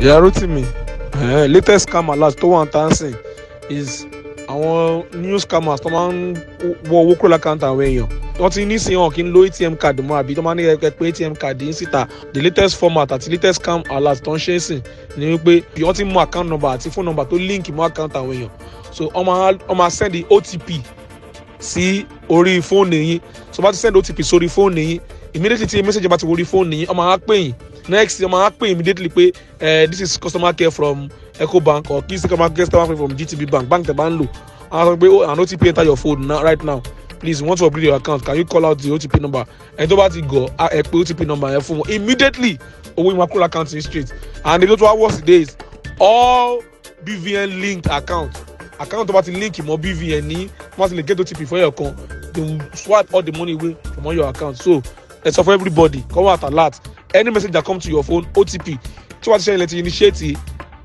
ìyá Rotimi eh, latest scam alert tó wà ń tà is àwọn new scammers tó máa ń wọ owó kúrò lákàntà àwọn èèyàn wọ́n ti ní sí hàn kí n lo atm card mọ́ àbí tó máa ní kẹ́kẹ́ pé atm card yín síta the latest format àti latest scam alert tó ń ṣe é sìn ni wípé wọ́n ti mú account number àti phone number tó link mọ́ account àwọn èèyàn so wọ́n máa wọ́n máa send otp sí orí fóònù yín so bá ti send otp sórí fóònù yín immediately tí message bá ti wọrí fóònù yín wọ́n máa pè yín next ọmọ á pè immediately pé uh, this is customer care from ecobank or kí is customer care from gtb bank bank tẹ̀ bá ń lò àwọn sọ pé oh an otp enter your phone now, right now please once you to upgrade your account can you call out the otp number ẹni tó bá ti gọ ẹ pé otp number yẹn fún wọn immediately owó ìmọ̀ àkúrò account yìí straight and èyí tó wá today is all bvn linked account account tó bá ti link mọ́ bvn ní wọ́n ti lè get otp fún ẹ̀yọ̀ kan they will swipe all the money away from all your account so ẹ sọ fún everybody come out alert any message that come to your phone otp tí wàá ti ṣe ilẹ̀ ti initiate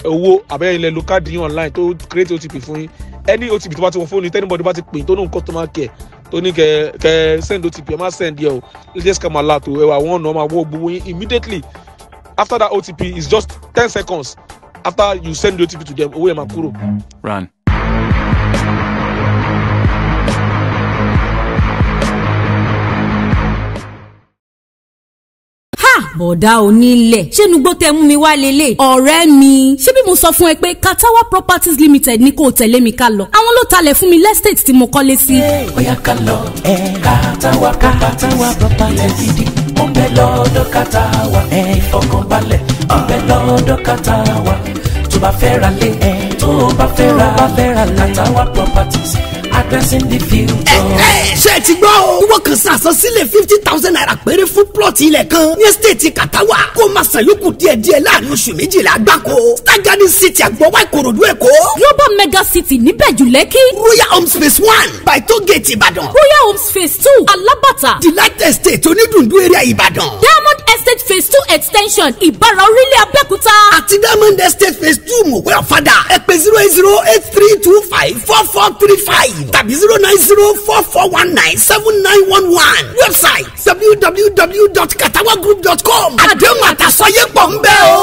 owó àbẹ́ ilẹ̀ local dín online tó create otp fún yín any otp tó bá ti wọ fóònù tẹ́ni bọ́dí bá ti pè tó ní customer care tó ní kẹ kẹ send otp ẹ má send yẹ o latest scam alert To ẹ wà wọ́n nà ọmọ àwọn ògbówó yín immediately after that otp is just ten seconds after you send the otp to them owó yẹn máa kúrò. run. Ah, bọ̀dá onílẹ̀ ṣẹ́nu gbọ́ tẹ mú mi wá lélẹ̀ ọ̀rẹ́ mi ṣé bí mo sọ fún ẹ pé Katawa Properties Limited ní kò tẹ̀lé mi ká lọ àwọn ló talẹ̀ fún mi lẹ́sítẹ̀tì tí mo kọ́lé sí. ó ká lọ Katawa Properties ó bẹ lọ́dọ̀ Katawa ìfọkànbalẹ̀ ó bẹ lọ́dọ̀ Katawa tó bá fẹ́ ra lé tó bá fẹ́ ra Katawa Properties addressing the future. ṣé ẹ ti gbọ́ o. ìwọ kan san àsansílẹ̀ fifty thousand naira péré fún plọ̀tì ilẹ̀ kan ní ẹ́stéètì kàtàwà kó máa san yòókù díẹ̀díẹ̀ láàrin oṣù méjìlá gbáko. star city àgbọ̀wá ìkòròdú èkó. global mega city níbẹ̀ jù lẹ́kì. royal home space one by toll gate ìbàdàn. royal home space two alábàtà. delight state onídùndú area ìbàdàn. diamond phase two extension ìbára orílẹ̀ abẹ́òkúta. àti diamond estate phase two mọ̀wé ọ̀fadà ẹ pè zero eight zero eight three two five four four three five tàbí zero nine zero four four one nine seven nine one one website www.katawagroup.com àdéhùn àtàsọ́yé pọ̀ ń bẹ o.